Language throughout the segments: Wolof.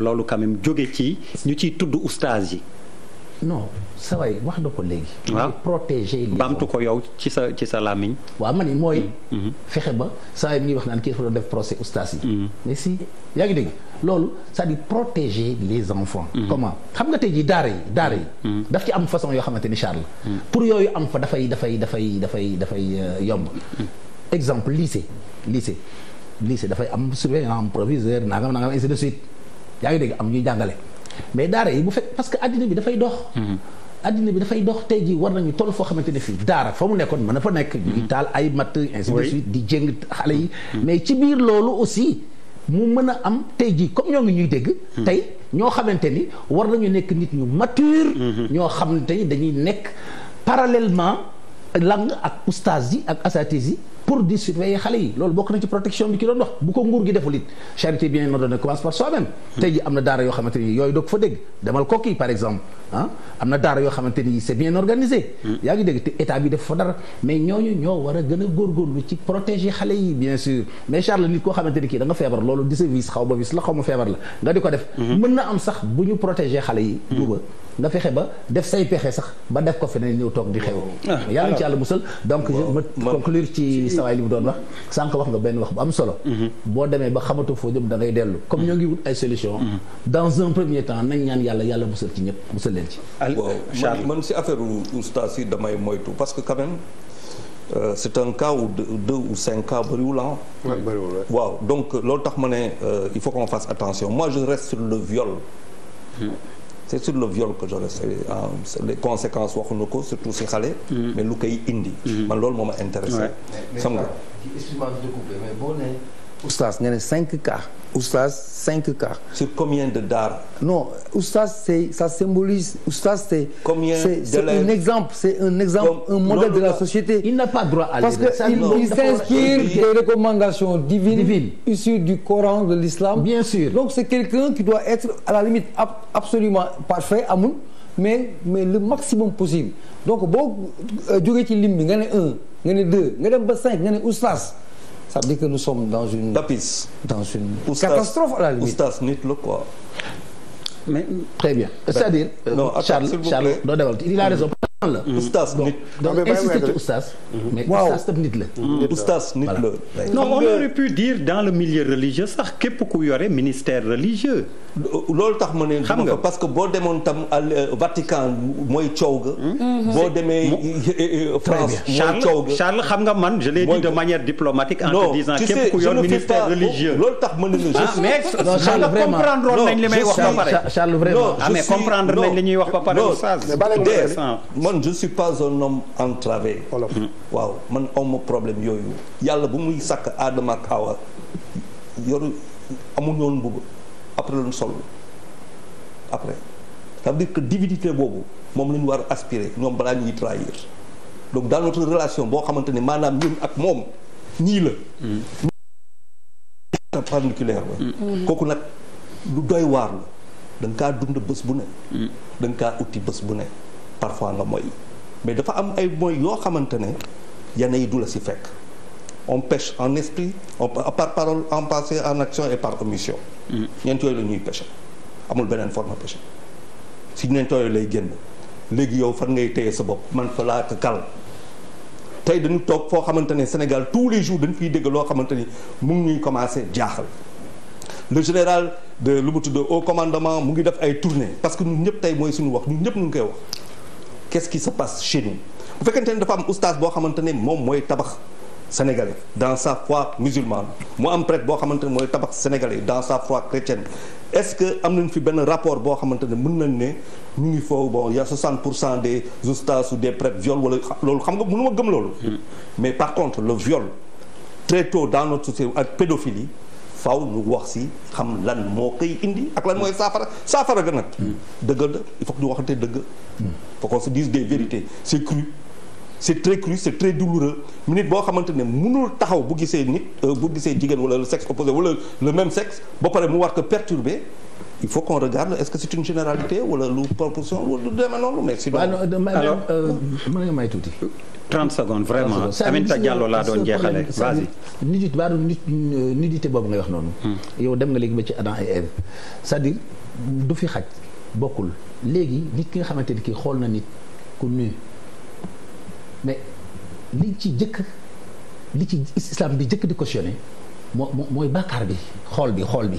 loolu quand même jóge ci ñu ciy tudd oustaz yi. non sa wax na ko léegi. waaw ah. protéger. baamtu ko yow ci sa ci sa làmmiñ. waa man yi mooy. Mm-hmm. Mm-hmm. fexe ba saa yi ngi wax naan kii dafa doon def procès oustaz yi. Mm-hmm. mais si yaa ngi dégg loolu sa à dire protéger les enfants. comment xam nga tey jii daara yi daara yi. daf ci am façon yoo xamante ni Charles. pour yooyu am fa dafay dafay dafay dafay dafay euh, yomb. exemple lycée lycée lycée dafay am surveillant am proviseur nangam nangam ainsi de suite. yaa ngi dégg am ñuy jàngale mais daara yi bu fekk parce que addina bi dafay dox. addina bi dafay dox tey jii war nañu toll foo xamante ne fii daara fa mu nekkoon mën na fa nekk. ñu ay matt ainsi di jéng xale yi. Mm-hmm. mais ci biir loolu aussi mu mën a am tey jii comme ñoo ngi ñuy dégg. Mm-hmm. tey ñoo xamante ni war nañu nekk nit ñu mature. Mm-hmm. ñoo xamante ni dañuy nekk parallèlement langue ak oustaz yi ak asatis yi. pour di surveiller xale yi loolu bokk na ci protection bi ki doon wax bu ko nguur gi deful it charité bien ordonnée commence par soi-même hmm. tey am na daara yoo xamante ni yooyu doog fa dégg demal kokki par exemple ah, am na daara yoo xamante ni c'est bien organisé hmm. yaa ngi dégg te état bi def fa dara mais ñooñu ñoo war a gën a góorgóorlu ci protéger xale yi bien sûr mais Charles nit koo xamante kii da feebar loolu di sa vis xaw ba vis la hmm. yi duuba ba def say pexe sax ba def ko feneen ñëw toog di xew ah, sa waay li doon wax sànq wax nga benn wax bu am solo mhm. boo demee ba xamatu foo jëm da dellu comme ñoo ngi wut ay solution mhm. dans un premier temps nañ ñaan yàlla yàlla musal ci ñëpp musal leen ci waaw man si affaire oustaz si damay moytu parce que quand même Euh, un cas ou deux, ou cinq cas bëriwul waaw donc loolu tax ma ne euh, il faut qu'on fasse attention moi je reste sur le viol. Mhm. c'est sur le viol que je reste euh, les conséquences waxuñu ko surtout si xale. Mm-hmm. mais lu koy indi. Mm-hmm. man loolu moo ma intéressé. xam nga. excuse-moi de couper mais boo nee. oustaz nga ne cinq cas. Oustaz, 5 cas. Sur combien de dar Non, Oustaz, ça symbolise. Oustaz, c'est un exemple, c'est un exemple, Comme, un modèle de la société. Il n'a pas droit à Parce qu'il s'inspire des recommandations divines, divines, issues du Coran, de l'islam. Bien sûr. Donc, c'est quelqu'un qui doit être, à la limite, absolument parfait, amoun, mais, mais le maximum possible. Donc, bon, euh, duré qui limite, il y en a un, il y en a deux, il y en a cinq, il y en a Oustaz. ça veut dire que nous sommes dans une. tapis dans une. Oustaz, catastrophe à la limite oustaz nit la quoi. mais très bien. c'est-à-dire. Euh, non Charles Charles doo demal il a raison. Mm-hmm. la ah, mm-hmm. oustaz nit. donc insister ci oustaz. mais oustaz tam mm-hmm. nit la. oustaz nit la. non on aurait pu dire dans le milieu religieux sax képp ku yore ministère religieux. loolu tax ma ne. xam nga parce que boo demoon tam euh, Vatican mooy coow ga. Hmm. Hmm. Hmm. boo demee euh, France mooy coow ga. Charles xam nga man je l'ai dit de manière diplomatique. en te disant képp ku yoon ministère religieux. loolu tax ma ne ne je ah, mais Charles vraiment comprendre nañ li may wax ba pare. Charles vraiment ah mais comprendre nañ li ñuy wax ba pare. man je suis pas un homme entravé. waaw man awma problème yooyu. yàlla bu muy sàkk Aadama ak Awa yoru amuñu woon mbubb après sol après ça veut boobu moom la ñu war a aspirer ñoom balaa ñuy trahir donc dans notre relation boo xamante ne maanaam ñun ak moom ñii la. Mm. particulaire mm. kooku nag lu doy waar la da kaa dund bës bu ne. Mm. da nga kaa bu ne parfois na mooy mais dafa am ay mooy yoo xamante ne yenn yi du la si fekk on pêche en esprit on par parole en pensée en action et par omission. ñeent yooyu la ñuy pêché amul beneen forme pêché si ñeent yooyu lay génn léegi yow fan ngay téye sa bopp man fa laa kal tey dañu toog foo xamante ne Sénégal tous les jours dañu fiy dégg loo xamante ni mu ngi ñuy commencé jaaxal le général de lu mu tudd au commandement mu ngi def ay tournées parce que ñun ñëpp tey mooy suñu wax ñun ñëpp ñu ngi koy wax qu'est-ce qui se passe chez bu fekkente ne dafa am oustaz boo xamante ne moom mooy tabax sénégalais dans sa foi musulmane mu am prêtre boo xamante ne mooy tabax sénégalais dans sa foi chrétienne est-ce que am nañ fi benn rapport boo xamante ne mën nañ ne ñu ngi foofu bon y a pour cent des oustas ou des prêtres viol wala loolu xam nga mënu ma gëm loolu. Hmm. mais par contre le viol très tôt dans notre société ak pédophilie faaw ñu wax si xam lan moo koy indi ak lan mooy saafara saafara ga nag. Hmm. dëgg la il faut ñu wax dëgg. Hmm. faut qu'on se dise des c'est très cru c'est très douloureux nit boo xamante ne mënul taxaw bu gisee nit euh, bu gisee jigéen wala le sexe opposé wala le même sexe ba pare mu war ko perturber il faut qu'on regarde est-ce que c'est une généralité wala lu proportion lu demee noonu mais sinon euh, alors euh, mën nga may tuuti 30 secondes vraiment Aminata Diallo laa doon jeexale vas-y nudité baa nit nudité boobu ngay wax noonu hmm. yow dem nga léegi ba ci Adam et Ève cest dire du fi xaj bokkul léegi nit ki nga xamante ni kii xool na nit ku mais liñ ci jëkk li ci islam bi jëkk di cautionné moo mooy bàkkaar bi xool bi xool bi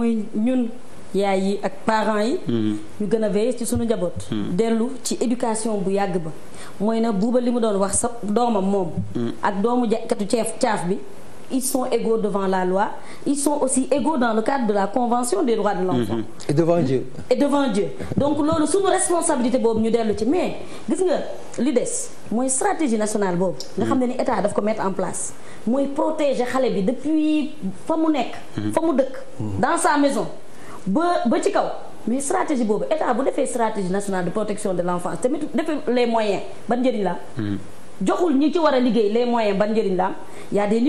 muy ñun yaay yi ak parents yi. Mm-hmm. ñu gën a veiller ci suñu njaboot. Mm-hmm. dellu ci éducation bu yàgg ba mooy na buuba li mu doon wax sa doomam moom. Mm-hmm. ak doomu katu ceef caaf bi. ils sont égaux devant la loi ils sont aussi égaux dans le cadre de la convention des droits de l'enfant et devant Dieu. et devant Dieu donc loolu suñu responsabilité boobu ñu dellu ci mais gis nga. li des mooy stratégie nationale boobu. nga xam ne ni état daf ko mettre en place. mooy protéger xale bi depuis fa mu nekk. Mhm. fa mu dëkk. Mhm. dans sa maison ba ba ci kaw. mais stratégie boobu état bu defee stratégie nationale de protection de l'enfance tamit defee les moyens ban njëriñ la mhm. joxul ñu ci war a liggéey les moyens ban njëriñ la am y a des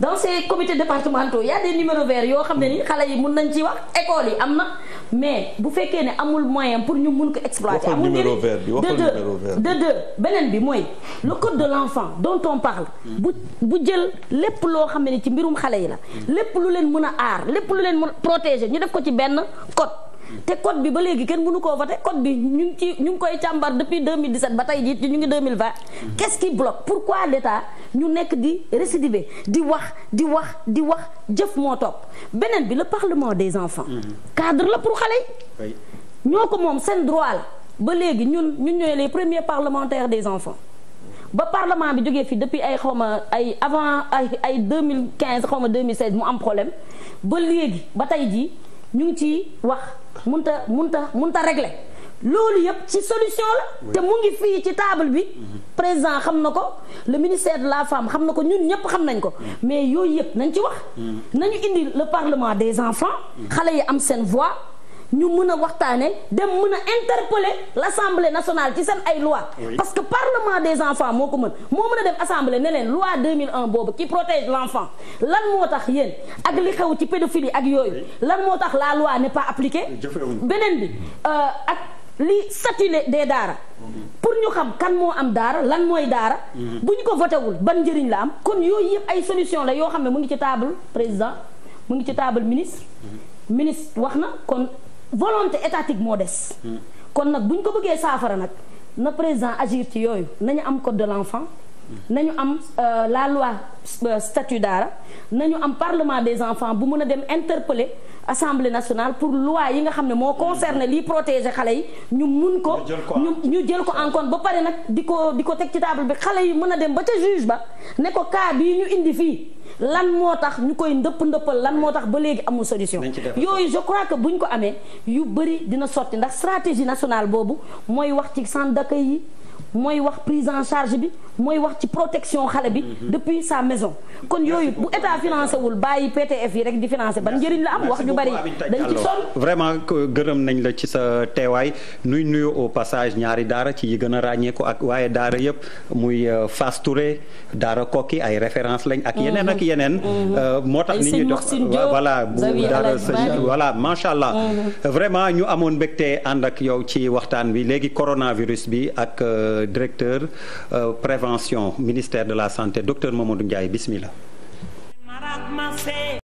dans ces comités départementaux y a des numéros verts yoo xam ne ni xale yi mun nañ ci wax école yi am na mais bu fekkee ne amul moyen pour ñu mun ko exploiter amul numéro vert bi waxal numéro vert de deux beneen bi mooy le code de l'enfant dont on parle bu bu jël lépp loo xam ne ni ci mbirum xale yi la hmm. lépp lu leen mun a aar lépp lu leen mun a ñu def ko ci benn code te code bi ba léegi kenn mënu koo voté code bi ñu ngi ci ñu ngi koy càmbar depuis 2017 ba tey jii ñu ngi 2020. Mm-hmm. qu'est-ce qui bloque pourquoi l'État ñu nekk di récidiver di wax di wax di wax jëf moo topp beneen bi le parlement des enfants. Mm-hmm. cadre la pour xale yi. ñoo ko moom seen droit la ba léegi ñun ñun ñooy les premiers parlementaires des enfants. ba parlement bi jógee fi depuis ay xaw ma ay avant ay ay 2015 xaw ma 2016 mu am problème ba léegi ba tey jii. ñu ngi ci wax mun munta munta munta régler loolu yëpp ci solution la te mu ngi fii ci table bi mhm. président xam na ko le ministère de la femme xam na ko ñun ñëpp xam nañ ko mhm. mais yooyu yëpp nañ ci wax mhm. nañu indi le parlement des enfants xale yi am seen voix ñu mën a waxtaane dem mën a interpeller l'Assemblée nationale ci seen ay loi parce que parlement des enfants moo ko mën moo mën a dem assemblée ne leen loi 2001 boobu qui protège l'enfant lan moo tax yéen ak li xew ci pédophilie ak yooyu lan moo tax la loi n'est pas appliquée beneen bi euh, ak li statut des daara pour ñu xam kan moo am daara lan mooy daara mhm. bu ñu ko votewul ban njëriñ la am kon yooyu yëpp ay solution la yoo xam ne mu ngi ci table président mu ngi ci table ministre mhm. ministre wax na kon volonté étatique moo des. kon nag bu ñu ko bëggee saafara nag na président agir ci yooyu nañu am code de l'enfant. nañu am euh, la loi euh, statut daara ñu am parlement des enfants bu mën a dem interpeller. assemblée nationale pour loi yi nga xam ne moo concerne liy protéger xale yi ñu mun ko ñu ñu jël ko en compte ba pare nag di ko di ko teg ci table bi xale yi mën a dem ba ca juge ba ne ko cas bii ñu indi fii lan moo tax ñu koy ndëpp ndëppal lan moo tax ba léegi amul solution yooyu je crois que bu ñu ko amee yu bëri dina sotti ndax stratégie nationale boobu mooy wax ci centre yi mooy wax prise en charge bi mooy wax ci protection xale bi mhm. depuis sa maison kon yooyu bu état financé wul bàyyi PTF yi rek di financé ban njëriñ la am wax ñu bari dañ ci sonn vraiment gërëm nañ la ci sa teewaay nuy nuyu au passage ñaari daara ci yi gën a ràññeeku ak waaye daara yëpp muy euh, Fass Touré daara kokki ay référence lañ ak yeneen ak mhm. yeneen mhm. Euh, moo tax nit ñi dox voilà daara macha allah vraiment ñu amoon mbégte ànd ak yow ci waxtaan bi léegi coronavirus bi ak euh, directeur prévention prévention ministère de la santé docteur Mamadou Ndiaye bismillah